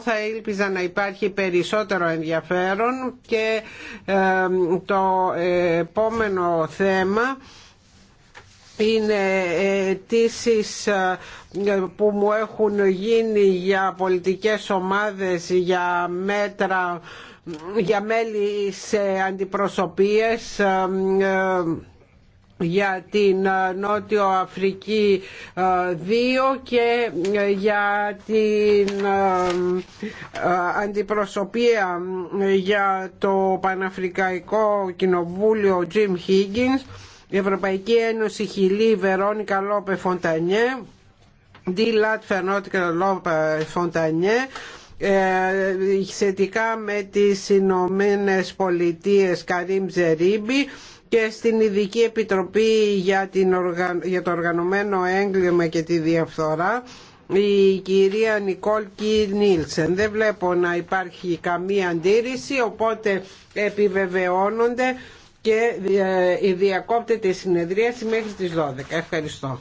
θα ήλπιζα να υπάρχει περισσότερο ενδιαφέρον και ε, το επόμενο θέμα είναι αιτήσει ε, που μου έχουν γίνει για πολιτικές ομάδες, για μέτρα, για μέλη σε αντιπροσωπείες ε, για την ε, Νότιο Αφρική 2 ε, και ε, για την αντιπροσωπεία για το Παναφρικαϊκό Κοινοβούλιο Jim Higgins, Ευρωπαϊκή Ένωση Χιλή Βερόνικα Λόπε Φοντανιέ, Ντι Φερνότικα Λόπε Φοντανιέ, ε, σχετικά με τις Ηνωμένε Πολιτείες Καρίμ Ζερίμπη και στην Ειδική Επιτροπή για, την το Οργανωμένο Έγκλημα και τη Διαφθορά η κυρία Νικόλ Κι Νίλσεν. Δεν βλέπω να υπάρχει καμία αντίρρηση οπότε επιβεβαιώνονται και ε, διακόπτεται η συνεδρίαση μέχρι τις 12. Ευχαριστώ.